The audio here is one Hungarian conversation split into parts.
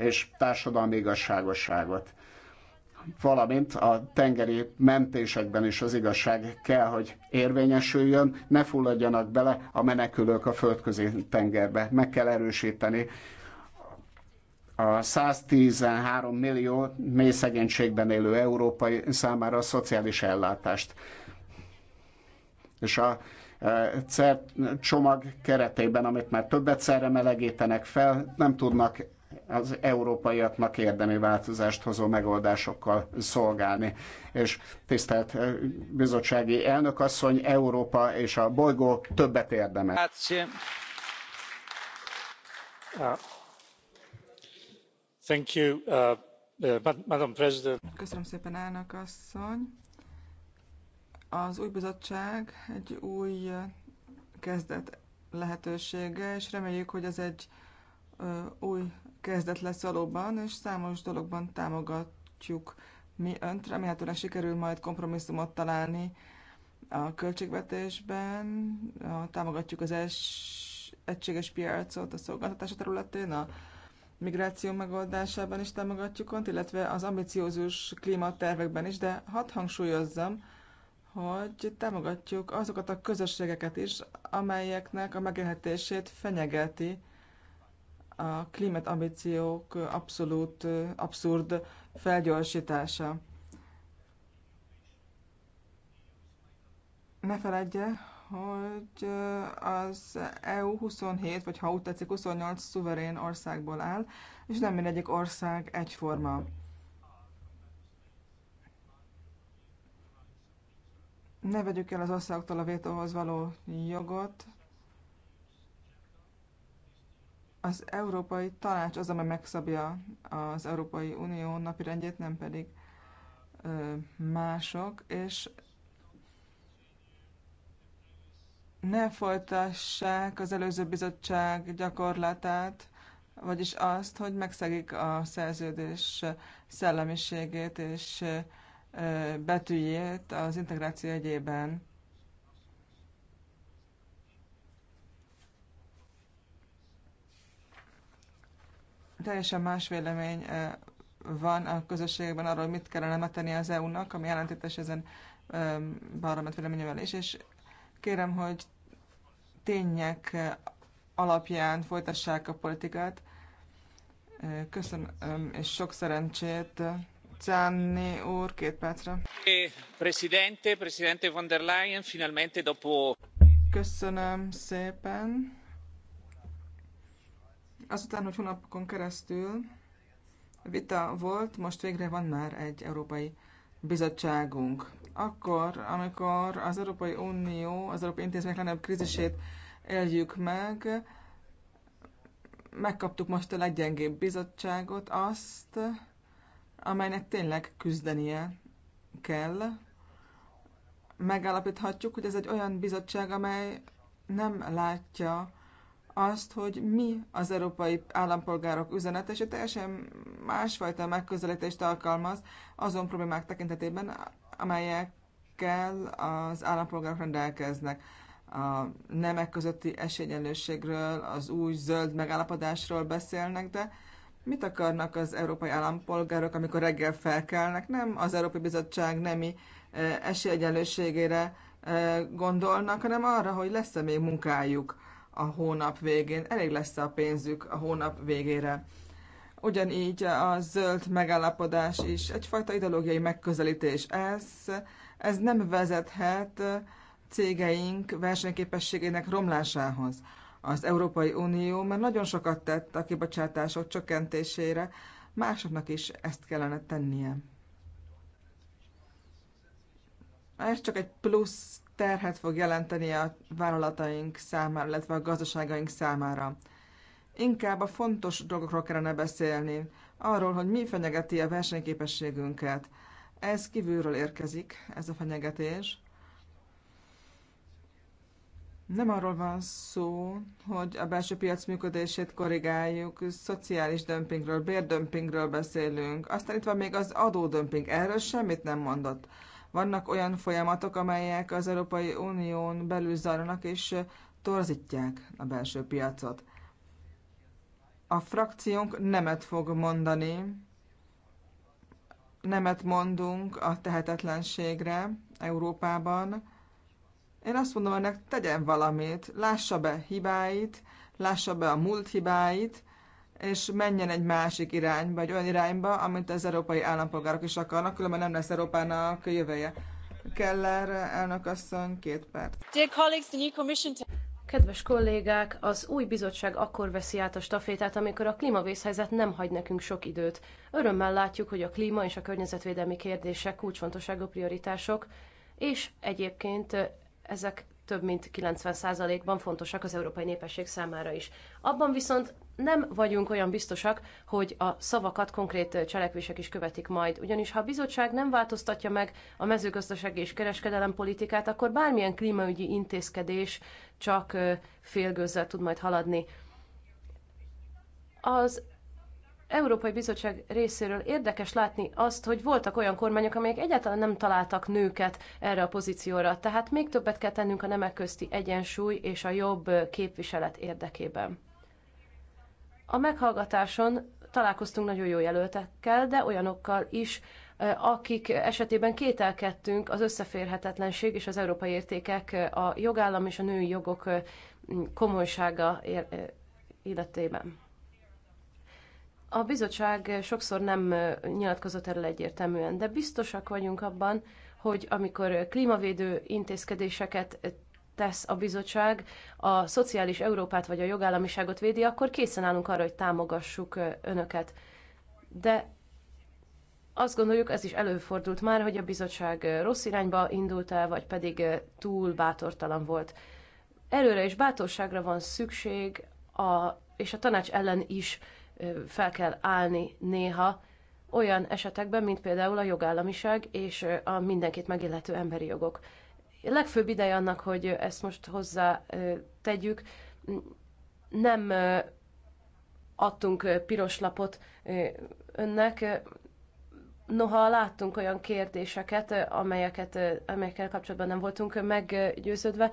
és társadalmi igazságosságot. Valamint a tengeri mentésekben is az igazság kell, hogy érvényesüljön, ne fulladjanak bele a menekülők a földközi tengerbe. Meg kell erősíteni a 113 millió mély szegénységben élő európai számára a szociális ellátást. És a e, csomag keretében, amit már többet szerre melegítenek fel, nem tudnak az európaiaknak érdemi változást hozó megoldásokkal szolgálni. És tisztelt eh, bizottsági elnök asszony, Európa és a bolygó többet érdemel. Uh, thank you, uh, uh Madam President. Köszönöm szépen, elnök asszony. Az új bizottság egy új eh, kezdet lehetősége, és reméljük, hogy ez egy új kezdet lesz valóban, és számos dologban támogatjuk mi önt. Remélhetőleg sikerül majd kompromisszumot találni a költségvetésben. Támogatjuk az es, egységes piacot a szolgáltatása területén, a migráció megoldásában is támogatjuk önt, illetve az ambiciózus klímatervekben is, de hadd hangsúlyozzam, hogy támogatjuk azokat a közösségeket is, amelyeknek a megélhetését fenyegeti a klímatambíciók abszolút abszurd felgyorsítása. Ne feledje, hogy az EU 27, vagy ha úgy tetszik, 28 szuverén országból áll, és nem mindegyik ország egyforma. Ne vegyük el az országoktól a vétóhoz való jogot, az Európai Tanács az, amely megszabja az Európai Unió napirendjét, nem pedig ö, mások, és ne folytassák az előző bizottság gyakorlatát, vagyis azt, hogy megszegik a szerződés szellemiségét és betűjét az integráció egyében. teljesen más vélemény van a közösségben arról, hogy mit kellene megtenni az EU-nak, ami ellentétes ezen parlament véleményével is, és kérem, hogy tények alapján folytassák a politikát. Köszönöm, és sok szerencsét. Czanni úr, két percre. Presidente, Presidente von der Leyen, finalmente dopo... Köszönöm szépen. Azután, hogy hónapokon keresztül vita volt, most végre van már egy európai bizottságunk. Akkor, amikor az Európai Unió, az Európai Intézmények legnagyobb krízisét éljük meg, megkaptuk most a leggyengébb bizottságot, azt, amelynek tényleg küzdenie kell. Megállapíthatjuk, hogy ez egy olyan bizottság, amely nem látja azt, hogy mi az európai állampolgárok üzenete, és egy teljesen másfajta megközelítést alkalmaz azon problémák tekintetében, amelyekkel az állampolgárok rendelkeznek. A nemek közötti esélyenlősségről, az új zöld megállapodásról beszélnek, de mit akarnak az európai állampolgárok, amikor reggel felkelnek? Nem az Európai Bizottság nemi eh, esélyegyenlőségére eh, gondolnak, hanem arra, hogy lesz-e még munkájuk a hónap végén. Elég lesz a pénzük a hónap végére. Ugyanígy a zöld megállapodás is egyfajta ideológiai megközelítés. Ez, ez nem vezethet cégeink versenyképességének romlásához. Az Európai Unió már nagyon sokat tett a kibocsátások csökkentésére, másoknak is ezt kellene tennie. Ez csak egy plusz terhet fog jelenteni a vállalataink számára, illetve a gazdaságaink számára. Inkább a fontos dolgokról kellene beszélni, arról, hogy mi fenyegeti a versenyképességünket. Ez kívülről érkezik, ez a fenyegetés. Nem arról van szó, hogy a belső piac működését korrigáljuk, szociális dömpingről, bérdömpingről beszélünk. Aztán itt van még az adódömping, erről semmit nem mondott. Vannak olyan folyamatok, amelyek az Európai Unión belül zajlanak és torzítják a belső piacot. A frakciónk nemet fog mondani, nemet mondunk a tehetetlenségre Európában. Én azt mondom hogy tegyen valamit, lássa be hibáit, lássa be a múlt hibáit, és menjen egy másik irányba, egy olyan irányba, amit az európai állampolgárok is akarnak, különben nem lesz Európának jövője. Keller elnök asszony, két perc. Kedves kollégák, az új bizottság akkor veszi át a stafétát, amikor a klímavészhelyzet nem hagy nekünk sok időt. Örömmel látjuk, hogy a klíma és a környezetvédelmi kérdések kulcsfontosságú prioritások, és egyébként eh, ezek több mint 90%-ban fontosak az európai népesség számára is. Abban viszont nem vagyunk olyan biztosak, hogy a szavakat konkrét cselekvések is követik majd, ugyanis ha a bizottság nem változtatja meg a mezőgazdasági és kereskedelem politikát, akkor bármilyen klímaügyi intézkedés csak félgőzzel tud majd haladni. Az Európai Bizottság részéről érdekes látni azt, hogy voltak olyan kormányok, amelyek egyáltalán nem találtak nőket erre a pozícióra, tehát még többet kell tennünk a nemek közti egyensúly és a jobb képviselet érdekében. A meghallgatáson találkoztunk nagyon jó jelöltekkel, de olyanokkal is, eh, akik esetében kételkedtünk az összeférhetetlenség és az európai értékek, eh, a jogállam és a női jogok eh, komolysága életében. A bizottság sokszor nem nyilatkozott erről egyértelműen, de biztosak vagyunk abban, hogy amikor klímavédő intézkedéseket tesz a bizottság, a szociális Európát vagy a jogállamiságot védi, akkor készen állunk arra, hogy támogassuk önöket. De azt gondoljuk, ez is előfordult már, hogy a bizottság rossz irányba indult el, vagy pedig túl bátortalan volt. Erőre és bátorságra van szükség, a, és a tanács ellen is fel kell állni néha olyan esetekben, mint például a jogállamiság és a mindenkit megillető emberi jogok. A legfőbb ideje annak, hogy ezt most hozzá tegyük, nem adtunk piros lapot önnek, noha láttunk olyan kérdéseket, amelyeket, amelyekkel kapcsolatban nem voltunk meggyőződve,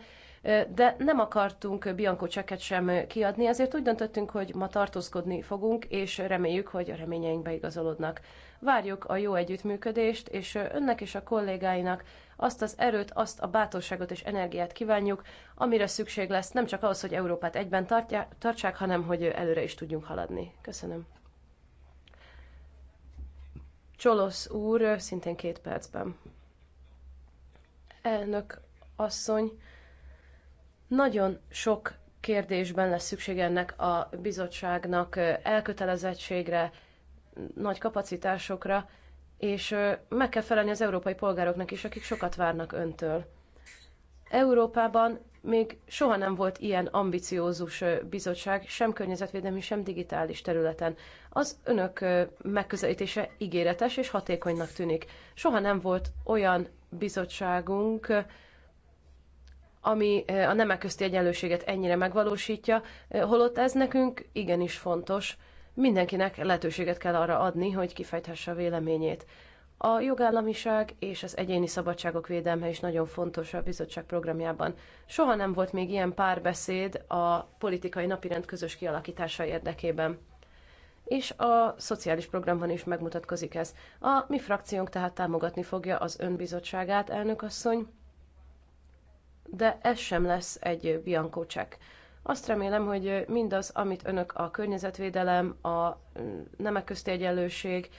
de nem akartunk Bianco cseket sem kiadni, ezért úgy döntöttünk, hogy ma tartózkodni fogunk, és reméljük, hogy a reményeink beigazolódnak. Várjuk a jó együttműködést, és önnek és a kollégáinak azt az erőt, azt a bátorságot és energiát kívánjuk, amire szükség lesz, nem csak ahhoz, hogy Európát egyben tartja, tartsák, hanem hogy előre is tudjunk haladni. Köszönöm. Csolosz úr, szintén két percben. Elnök asszony, nagyon sok kérdésben lesz szükség ennek a bizottságnak elkötelezettségre, nagy kapacitásokra, és meg kell felelni az európai polgároknak is, akik sokat várnak öntől. Európában még soha nem volt ilyen ambiciózus bizottság, sem környezetvédelmi, sem digitális területen. Az önök megközelítése ígéretes és hatékonynak tűnik. Soha nem volt olyan bizottságunk, ami a nemek közti egyenlőséget ennyire megvalósítja, holott ez nekünk igenis fontos. Mindenkinek lehetőséget kell arra adni, hogy kifejthesse a véleményét. A jogállamiság és az egyéni szabadságok védelme is nagyon fontos a bizottság programjában. Soha nem volt még ilyen párbeszéd a politikai napirend közös kialakítása érdekében. És a szociális programban is megmutatkozik ez. A mi frakciónk tehát támogatni fogja az önbizottságát, elnök asszony, de ez sem lesz egy bianco check. Azt remélem, hogy mindaz, amit önök a környezetvédelem, a nemek közti egyenlőség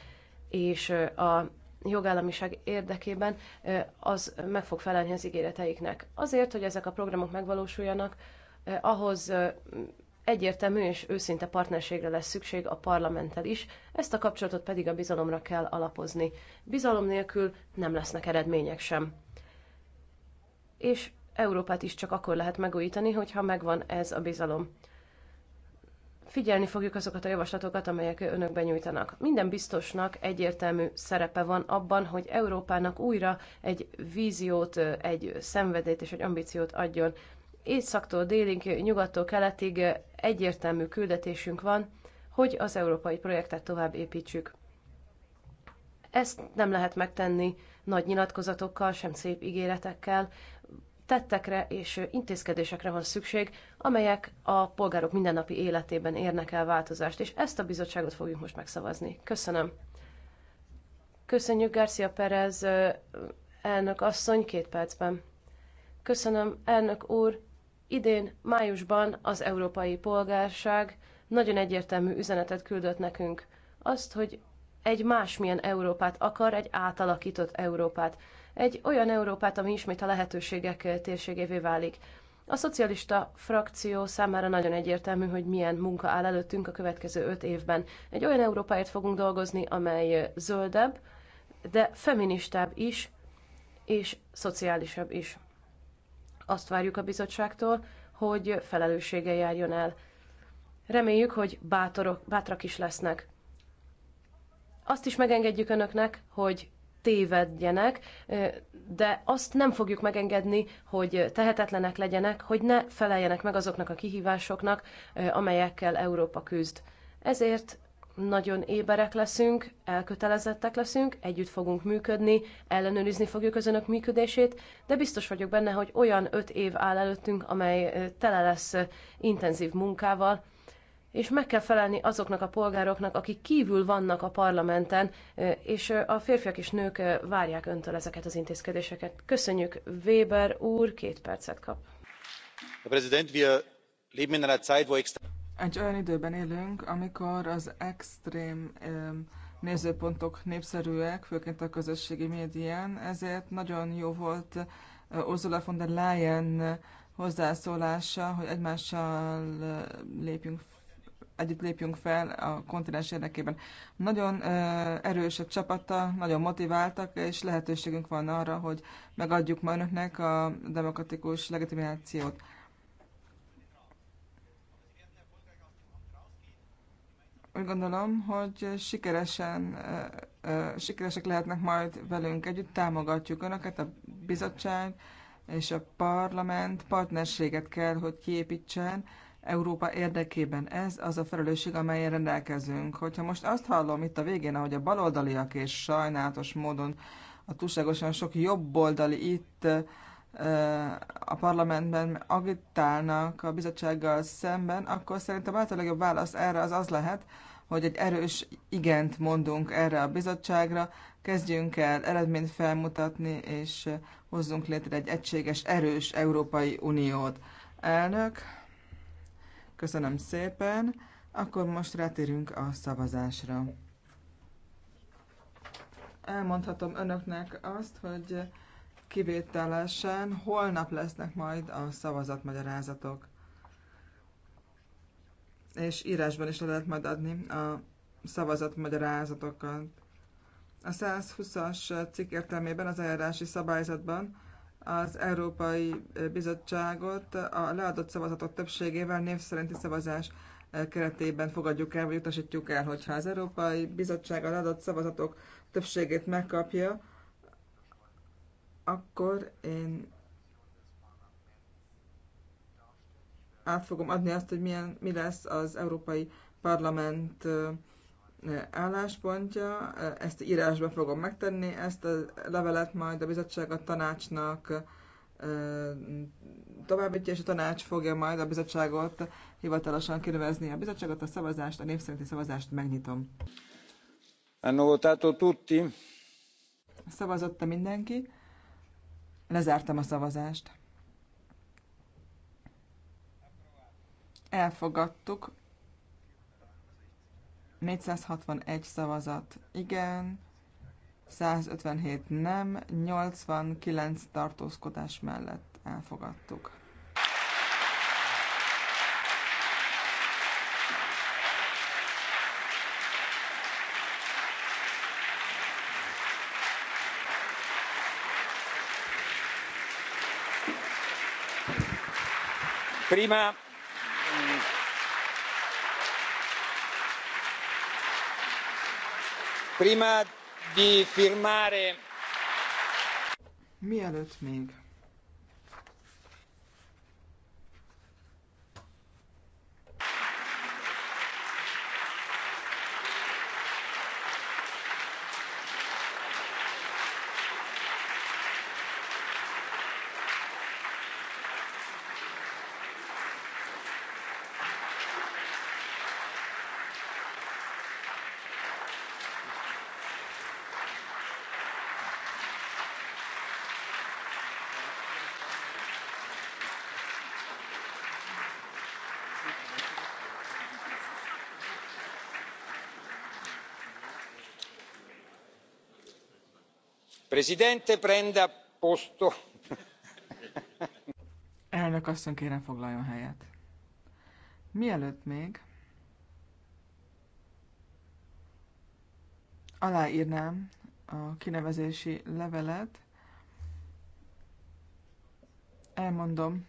és a jogállamiság érdekében, az meg fog felelni az ígéreteiknek. Azért, hogy ezek a programok megvalósuljanak, ahhoz egyértelmű és őszinte partnerségre lesz szükség a parlamenttel is, ezt a kapcsolatot pedig a bizalomra kell alapozni. Bizalom nélkül nem lesznek eredmények sem. És Európát is csak akkor lehet megújítani, hogyha megvan ez a bizalom. Figyelni fogjuk azokat a javaslatokat, amelyek önök benyújtanak. Minden biztosnak egyértelmű szerepe van abban, hogy Európának újra egy víziót, egy szenvedét és egy ambíciót adjon. Északtól délig, nyugattól keletig egyértelmű küldetésünk van, hogy az európai projektet tovább építsük. Ezt nem lehet megtenni nagy nyilatkozatokkal, sem szép ígéretekkel tettekre és intézkedésekre van szükség, amelyek a polgárok mindennapi életében érnek el változást, és ezt a bizottságot fogjuk most megszavazni. Köszönöm. Köszönjük Garcia Perez elnök asszony két percben. Köszönöm, elnök úr. Idén, májusban az európai polgárság nagyon egyértelmű üzenetet küldött nekünk. Azt, hogy egy másmilyen Európát akar, egy átalakított Európát egy olyan Európát, ami ismét a lehetőségek eh, térségévé válik. A szocialista frakció számára nagyon egyértelmű, hogy milyen munka áll előttünk a következő öt évben. Egy olyan Európáért fogunk dolgozni, amely eh, zöldebb, de feministább is, és szociálisabb is. Azt várjuk a bizottságtól, hogy felelőssége járjon el. Reméljük, hogy bátorok, bátrak is lesznek. Azt is megengedjük önöknek, hogy tévedjenek, de azt nem fogjuk megengedni, hogy tehetetlenek legyenek, hogy ne feleljenek meg azoknak a kihívásoknak, amelyekkel Európa küzd. Ezért nagyon éberek leszünk, elkötelezettek leszünk, együtt fogunk működni, ellenőrizni fogjuk az önök működését, de biztos vagyok benne, hogy olyan öt év áll előttünk, amely tele lesz intenzív munkával, és meg kell felelni azoknak a polgároknak, akik kívül vannak a parlamenten, és a férfiak és nők várják öntől ezeket az intézkedéseket. Köszönjük, Weber úr, két percet kap. Herr Präsident, wir leben in einer Zeit, wo egy olyan időben élünk, amikor az extrém nézőpontok népszerűek, főként a közösségi médián, ezért nagyon jó volt Ursula von der Leyen hozzászólása, hogy egymással lépjünk együtt lépjünk fel a kontinens érdekében. Nagyon erős a csapata, nagyon motiváltak, és lehetőségünk van arra, hogy megadjuk ma önöknek a demokratikus legitimációt. Úgy gondolom, hogy sikeresen, sikeresek lehetnek majd velünk együtt, támogatjuk önöket, a bizottság és a parlament partnerséget kell, hogy kiépítsen, Európa érdekében. Ez az a felelősség, amelyen rendelkezünk. Hogyha most azt hallom itt a végén, ahogy a baloldaliak és sajnálatos módon a túlságosan sok jobboldali itt a parlamentben agitálnak a bizottsággal szemben, akkor szerintem a legjobb válasz erre az az lehet, hogy egy erős igent mondunk erre a bizottságra, kezdjünk el eredményt felmutatni, és hozzunk létre egy egységes, erős Európai Uniót. Elnök, Köszönöm szépen. Akkor most rátérünk a szavazásra. Elmondhatom önöknek azt, hogy kivételesen holnap lesznek majd a szavazatmagyarázatok. És írásban is le lehet majd adni a szavazatmagyarázatokat. A 120-as cikk értelmében az eljárási szabályzatban az Európai Bizottságot a leadott szavazatok többségével név szerinti szavazás eh, keretében fogadjuk el, vagy utasítjuk el, hogyha az Európai Bizottság a leadott szavazatok többségét megkapja, akkor én át fogom adni azt, hogy milyen, mi lesz az Európai Parlament eh, álláspontja. Ezt írásban fogom megtenni, ezt a levelet majd a bizottság a tanácsnak továbbítja, és a tanács fogja majd a bizottságot hivatalosan kinevezni A bizottságot, a szavazást, a népszerinti szavazást megnyitom. Hanno votato tutti? Szavazott mindenki. Lezártam a szavazást. Elfogadtuk 461 szavazat igen, 157 nem, 89 tartózkodás mellett elfogadtuk. Prima prima di firmare mielőtt még elnök asszony kérem foglaljon helyet. mielőtt még alárnám a kinevezési levelet elmondom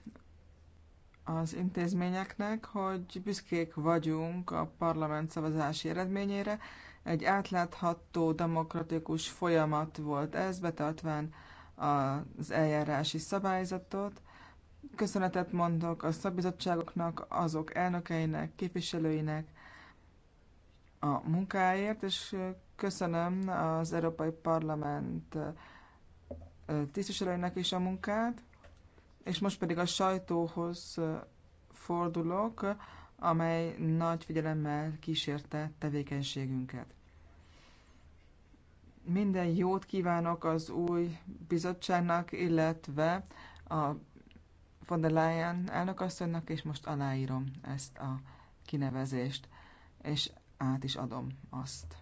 az intézményeknek, hogy büszkék vagyunk a parlament szavazási eredményére, egy átlátható demokratikus folyamat volt ez, betartván az eljárási szabályzatot. Köszönetet mondok a szabizottságoknak, azok elnökeinek, képviselőinek a munkáért, és köszönöm az Európai Parlament tisztviselőinek is a munkát, és most pedig a sajtóhoz fordulok amely nagy figyelemmel kísérte tevékenységünket. Minden jót kívánok az új bizottságnak, illetve a von der Leyen elnökasszonynak, és most aláírom ezt a kinevezést, és át is adom azt.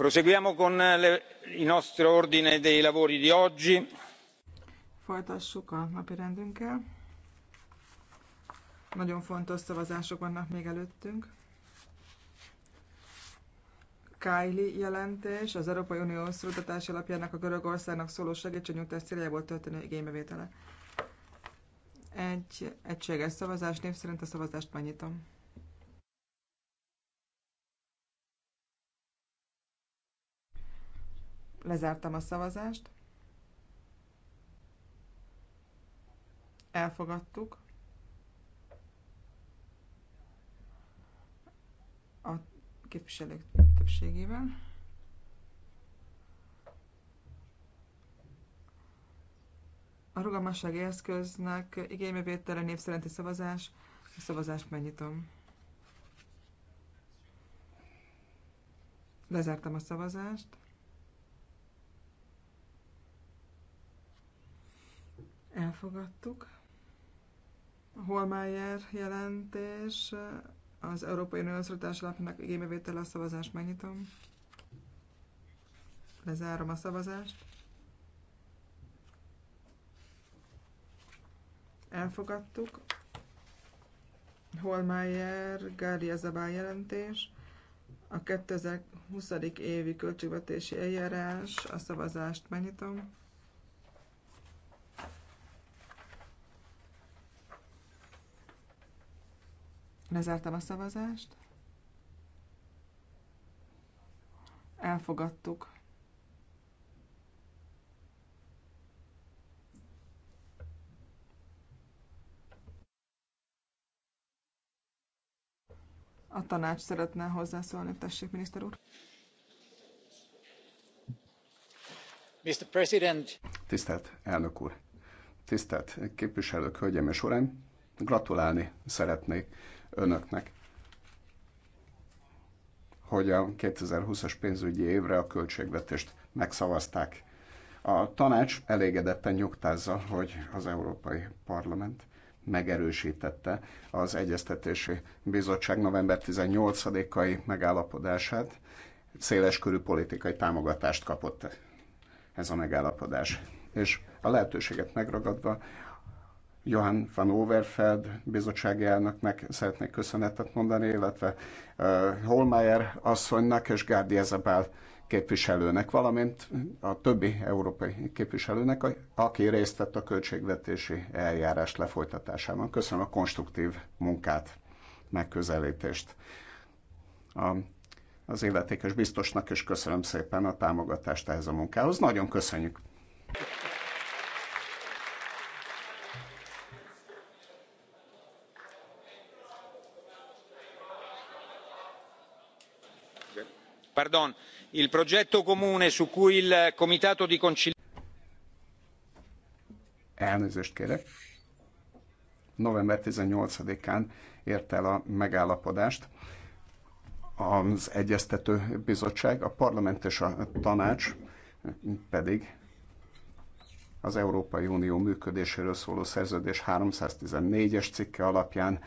proseguiamo con eh, il nostro ordine dei lavori di oggi. folytassuk a napirendünkkel. Nagyon fontos szavazások vannak még előttünk. Kylie jelentés, az Európai Unió szolgáltatás alapjának a Görögországnak szóló segítségnyújtás céljából történő igénybevétele. Egy egységes szavazás, név szerint a szavazást megnyitom. Lezártam a szavazást. Elfogadtuk. A képviselők többségével. A rugalmassági eszköznek igénybevétele népszerinti szavazás. A szavazást megnyitom. Lezártam a szavazást. elfogadtuk. A Holmeyer jelentés, az Európai Unió Szorítás Alapjának igénybevétele a szavazást megnyitom. Lezárom a szavazást. Elfogadtuk. Holmeyer Gália Zabál jelentés, a 2020. évi költségvetési eljárás, a szavazást megnyitom. Lezártam a szavazást. Elfogadtuk. A tanács szeretne hozzászólni, tessék, miniszter úr. Mr. President. Tisztelt elnök úr, tisztelt képviselők, hölgyeim és uraim, gratulálni szeretnék önöknek, hogy a 2020-as pénzügyi évre a költségvetést megszavazták. A tanács elégedetten nyugtázza, hogy az Európai Parlament megerősítette az Egyeztetési Bizottság november 18-ai megállapodását, széleskörű politikai támogatást kapott ez a megállapodás. És a lehetőséget megragadva Johan van Overfeld bizottsági elnöknek szeretnék köszönetet mondani, illetve uh, Holmeyer asszonynak és Gárdi Ezebel képviselőnek, valamint a többi európai képviselőnek, aki részt vett a költségvetési eljárás lefolytatásában. Köszönöm a konstruktív munkát, megközelítést. A, az illetékes biztosnak és köszönöm szépen a támogatást ehhez a munkához. Nagyon köszönjük! il progetto comune su cui il comitato di conciliazione. Elnézést kérek. November 18-án ért el a megállapodást az Egyeztető Bizottság, a parlament és a tanács pedig az Európai Unió működéséről szóló szerződés 314-es cikke alapján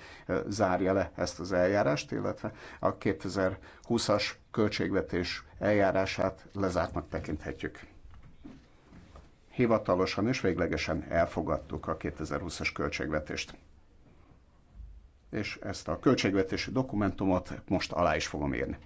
zárja le ezt az eljárást, illetve a 2020-as költségvetés eljárását lezártnak tekinthetjük. Hivatalosan és véglegesen elfogadtuk a 2020-as költségvetést. És ezt a költségvetési dokumentumot most alá is fogom írni.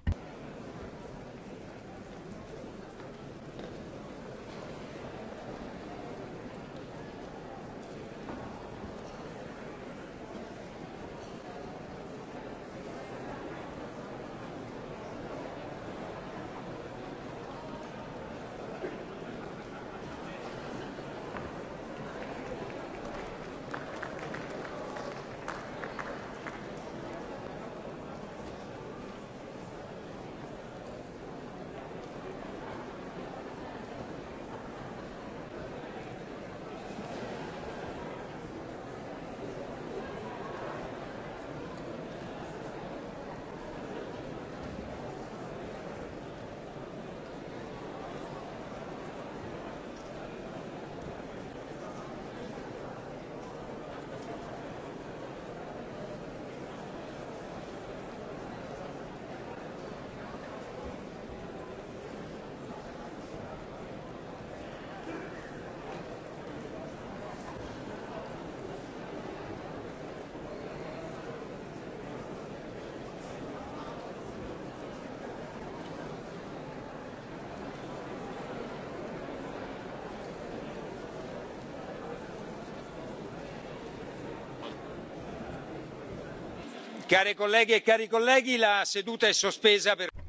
E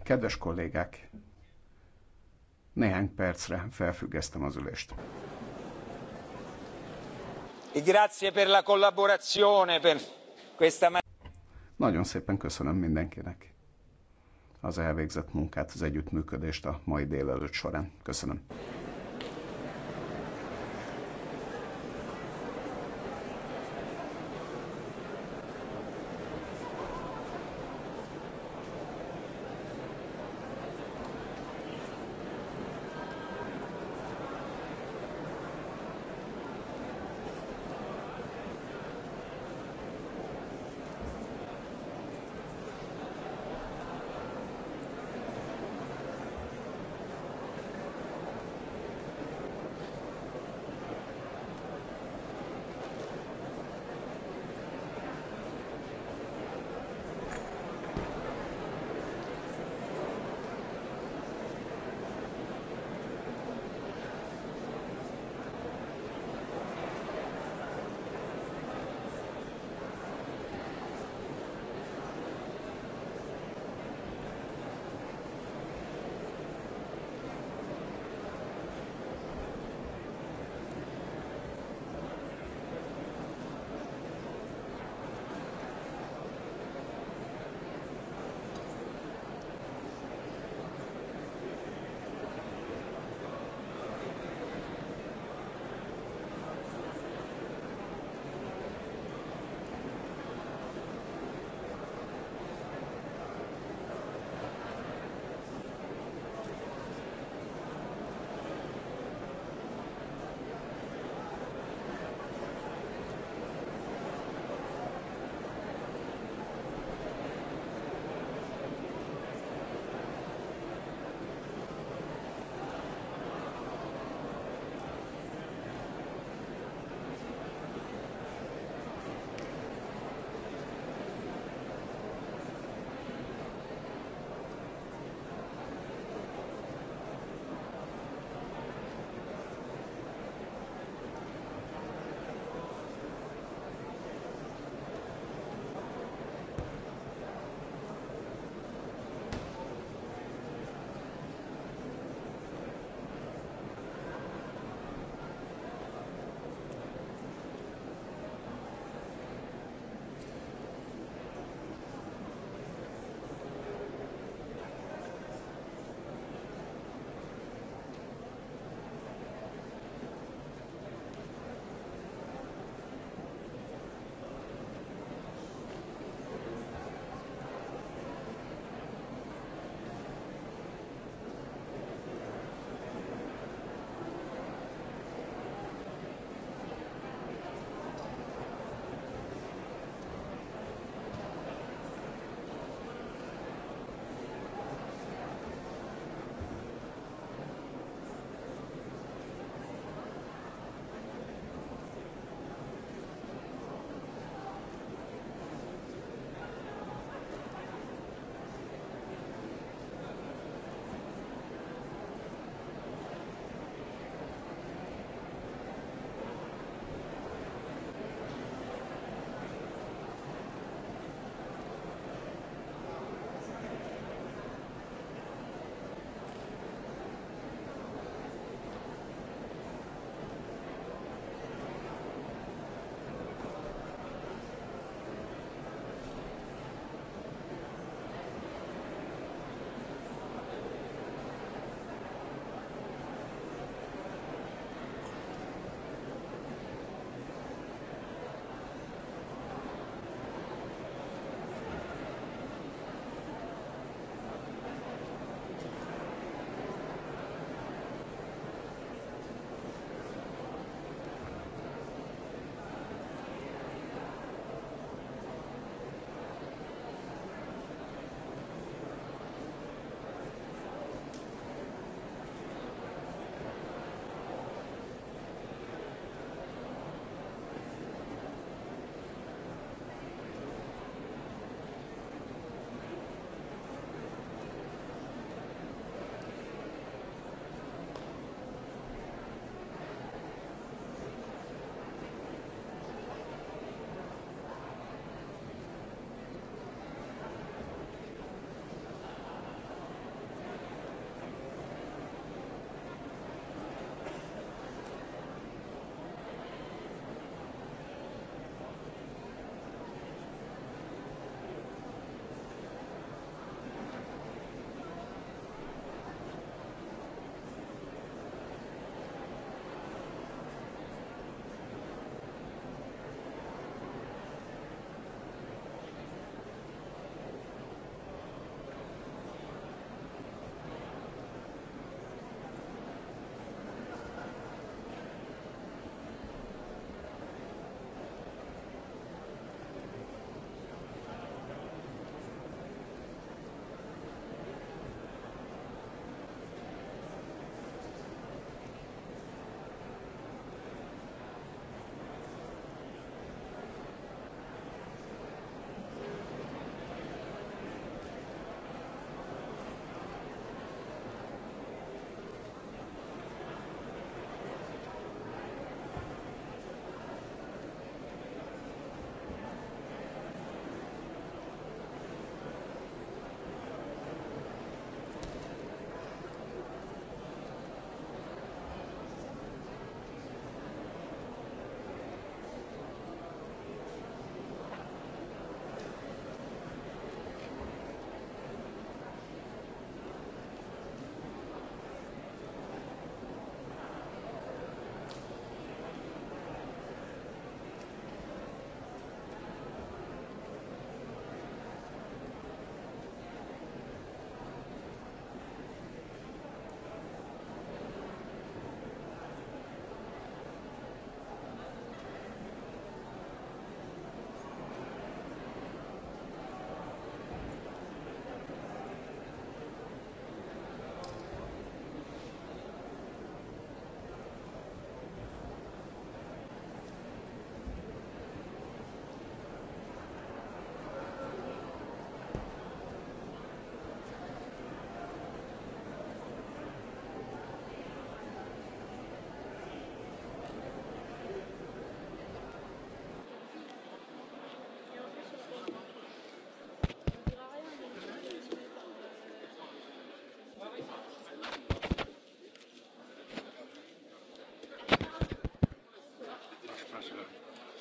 Kedves kollégák, néhány percre felfüggesztem az ülést. Nagyon szépen köszönöm mindenkinek az elvégzett munkát, az együttműködést a mai délelőtt során. Köszönöm.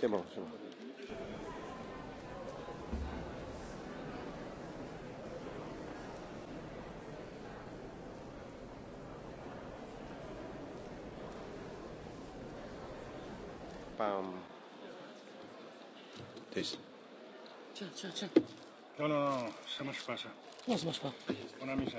C'est bon, c'est bon. Pam. Tiens, tiens, tiens. Non, non, non, ça marche pas, ça. Non, ça marche pas. On a mis ça.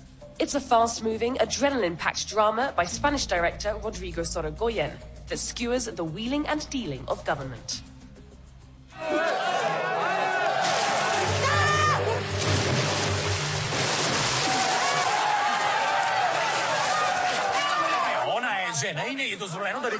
It's a fast moving, adrenaline packed drama by Spanish director Rodrigo Sorogoyen that skewers the wheeling and dealing of government. Ahora es ne y necesito su reno de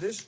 This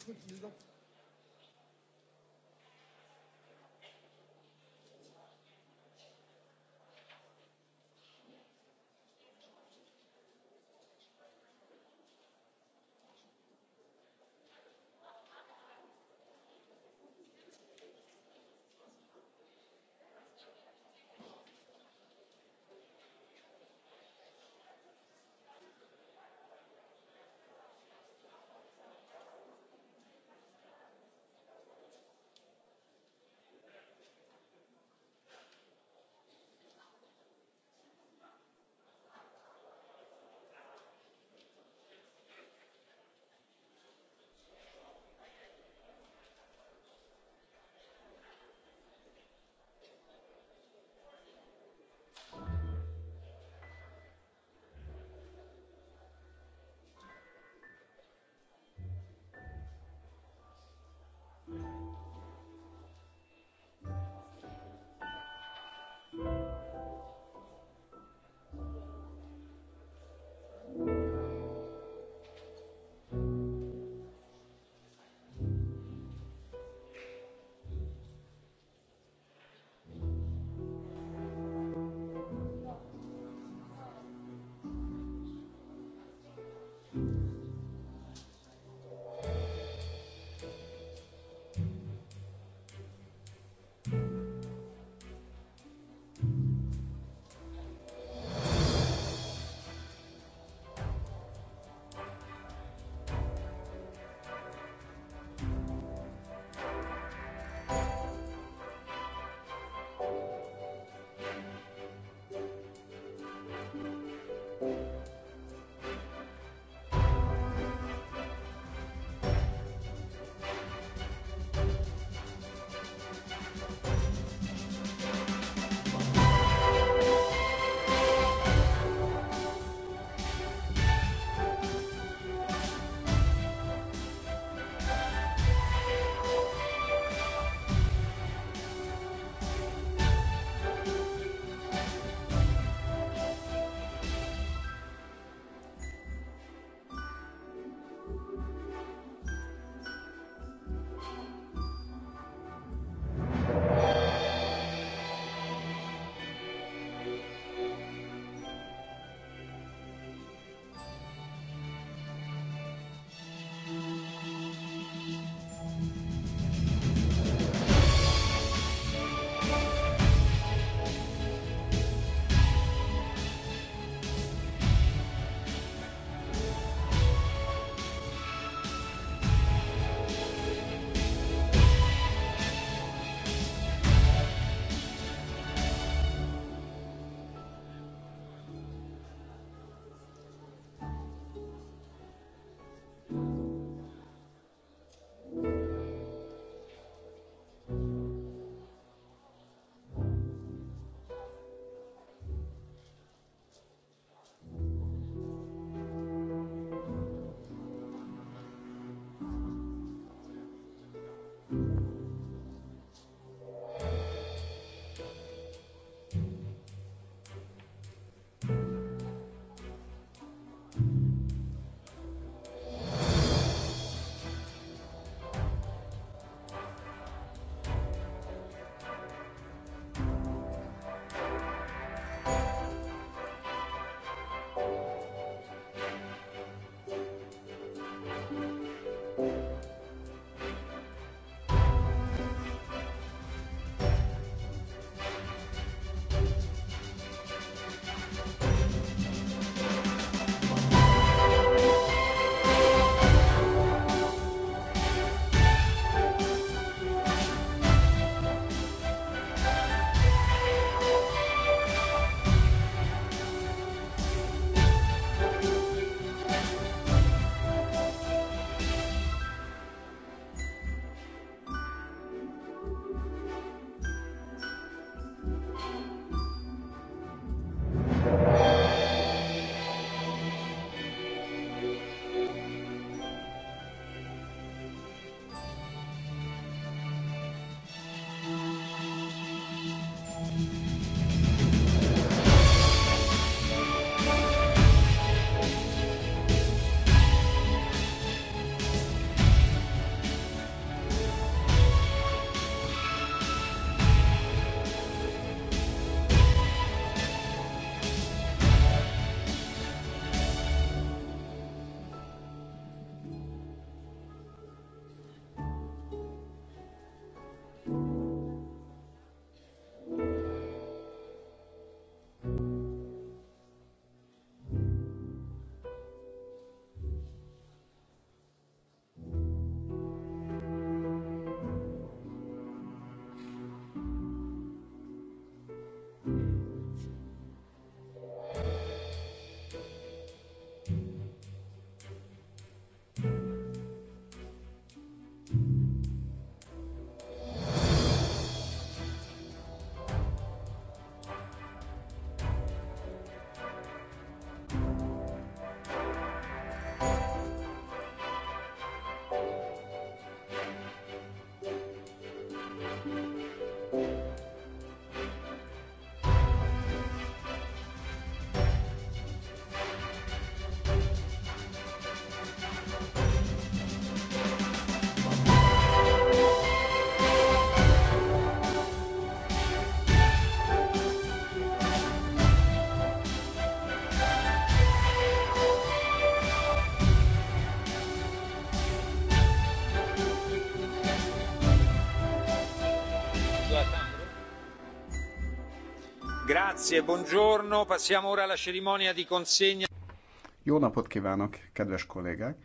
Jó napot kívánok, kedves kollégák!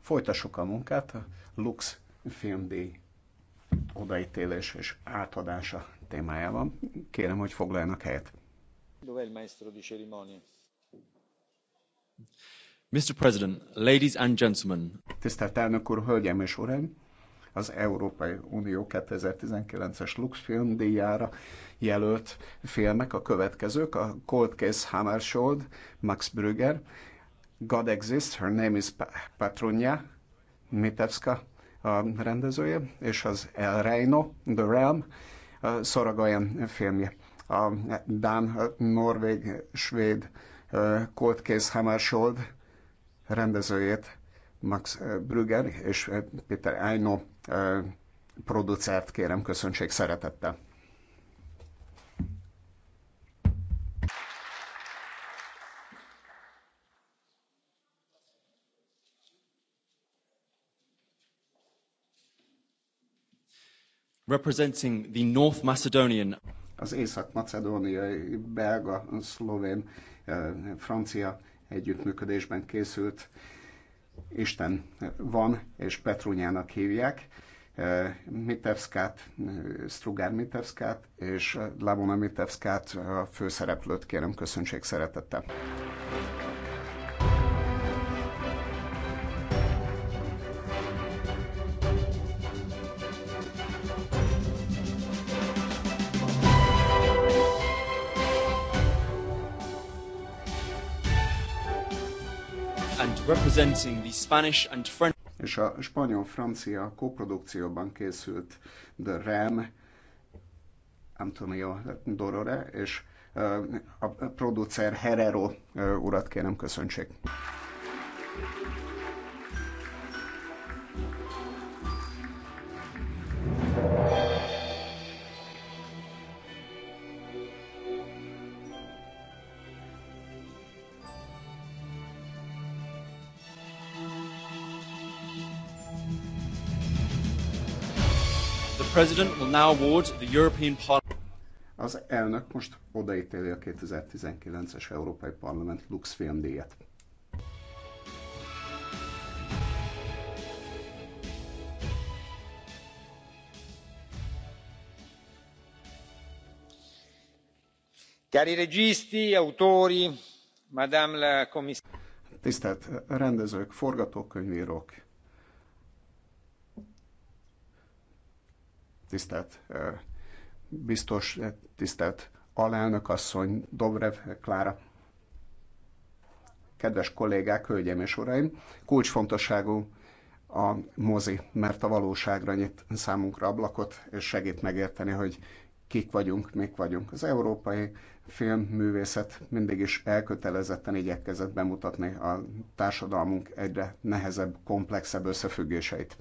Folytassuk a munkát a Lux Filmdíj odaítélés és átadása témájában. Kérem, hogy foglaljanak helyet. Dov'è il maestro di Mr. President, ladies and gentlemen. Tisztelt elnök úr, hölgyeim és uraim! Az Európai Unió 2019-es Lux Film díjára jelölt filmek a következők, a Cold Case Hammershold, Max Brügger, God Exists, Her Name is Patronia, Mitevska a rendezője, és az El Reino, The Realm, Szoragajan filmje. A Dán, Norvég, Svéd Cold Case Hammershold rendezőjét Max Brügger és Peter Aino producert kérem köszönség szeretettel. representing the North Macedonian az észak-macedóniai, belga, szlovén, francia együttműködésben készült Isten van, és Petrunyának hívják. Mitevszkát, Strugár Mitevszkát és Lavona Mitevszkát a főszereplőt kérem köszönség szeretettel. representing the Spanish and French és a spanyol-francia koprodukcióban készült The Ram, Antonio Dorore, és a producer Herero urat kérem köszöntsék. President will now award the European Parliament. Az elnök most odaítéli a 2019-es Európai Parlament Lux díjat. Cari registi, autori, Madame la Commissaire. Tisztelt rendezők, forgatókönyvírók, tisztelt biztos, tisztelt alelnök asszony, Dobrev Klára. Kedves kollégák, hölgyeim és uraim, kulcsfontosságú a mozi, mert a valóságra nyit számunkra ablakot, és segít megérteni, hogy kik vagyunk, mik vagyunk. Az európai filmművészet mindig is elkötelezetten igyekezett bemutatni a társadalmunk egyre nehezebb, komplexebb összefüggéseit.